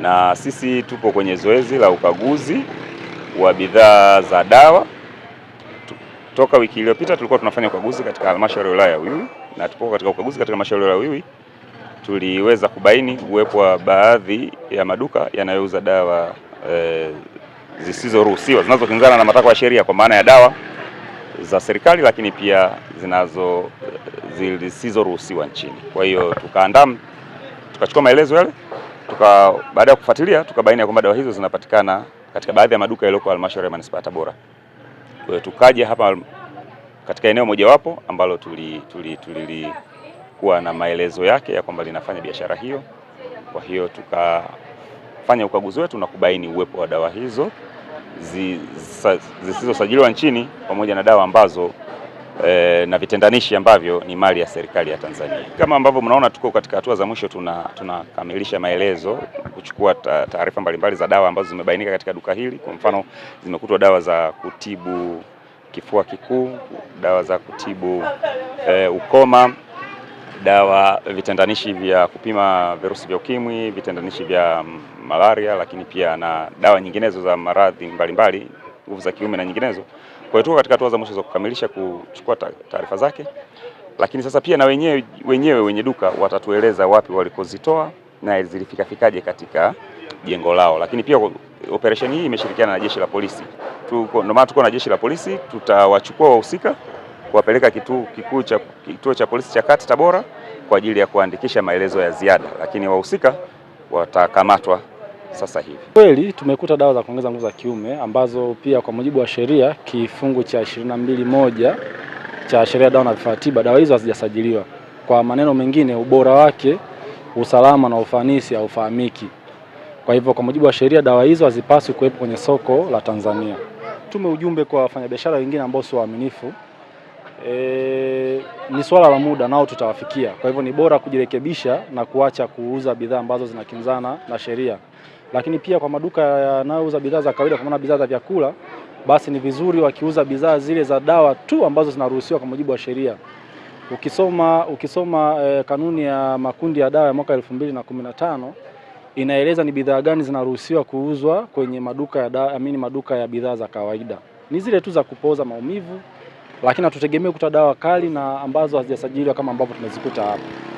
na sisi tupo kwenye zoezi la ukaguzi wa bidhaa za dawa. Toka wiki iliyopita tulikuwa tunafanya ukaguzi katika halmashauri ya wilaya ya Uyui, na tupo katika ukaguzi katika halmashauri ya Uyui tuliweza kubaini uwepo wa baadhi ya maduka yanayouza dawa e, zisizoruhusiwa zinazokinzana na matakwa ya sheria kwa maana ya dawa za serikali lakini pia zinazo e, zisizoruhusiwa nchini. Kwa hiyo tukaandaa tukachukua maelezo yale tuka baada ya kufuatilia tukabaini kwamba dawa hizo zinapatikana katika baadhi ya maduka yaliyoko halmashauri ya manispaa Tabora. Kwa hiyo tukaja hapa katika eneo mojawapo ambalo tuli, tuli, tuli, na maelezo yake ya kwamba linafanya biashara hiyo. Kwa hiyo tukafanya ukaguzi wetu na kubaini uwepo wa dawa hizo zisizosajiliwa nchini pamoja na dawa ambazo e, na vitendanishi ambavyo ni mali ya serikali ya Tanzania. Kama ambavyo mnaona tuko katika hatua za mwisho, tunakamilisha tuna maelezo, kuchukua taarifa mbalimbali za dawa ambazo zimebainika katika duka hili. Kwa mfano, zimekutwa dawa za kutibu kifua kikuu, dawa za kutibu e, ukoma dawa vitendanishi vya kupima virusi vya ukimwi, vitendanishi vya malaria, lakini pia na dawa nyinginezo za maradhi mbalimbali, nguvu za kiume na nyinginezo. Kwa hiyo tuko katika hatua za mwisho za kukamilisha kuchukua taarifa zake, lakini sasa pia na wenyewe wenyewe wenye duka watatueleza wapi walikozitoa na zilifikafikaje katika jengo lao, lakini pia operesheni hii imeshirikiana na jeshi la polisi. Ndio maana tuko na jeshi la polisi, tutawachukua wahusika kuwapeleka kituo kikuu cha kituo cha polisi cha kati Tabora kwa ajili ya kuandikisha maelezo ya ziada, lakini wahusika watakamatwa sasa hivi. Kweli tumekuta dawa za kuongeza nguvu za kiume ambazo pia kwa mujibu wa sheria kifungu cha ishirini na mbili moja cha sheria dawa na vifaa tiba, dawa hizo hazijasajiliwa. Kwa maneno mengine, ubora wake, usalama na ufanisi haufahamiki. Kwa hivyo, kwa mujibu wa sheria dawa hizo hazipaswi kuwepo kwenye soko la Tanzania. Tume ujumbe kwa wafanyabiashara wengine ambao sio waaminifu E, ni swala la muda, nao tutawafikia. Kwa hivyo ni bora kujirekebisha na kuacha kuuza bidhaa ambazo zinakinzana na sheria lakini pia kwa maduka yanayouza bidhaa za kawaida, kwa maana bidhaa za vyakula, basi ni vizuri wakiuza bidhaa zile za dawa tu ambazo zinaruhusiwa kwa mujibu wa sheria. Ukisoma, ukisoma eh, kanuni ya makundi ya dawa ya mwaka 2015 inaeleza ni bidhaa gani zinaruhusiwa kuuzwa kwenye maduka ya dawa, amini maduka ya bidhaa za kawaida ni zile tu za kupoza maumivu, lakini hatutegemee kuta dawa kali na ambazo hazijasajiliwa kama ambavyo tumezikuta hapa.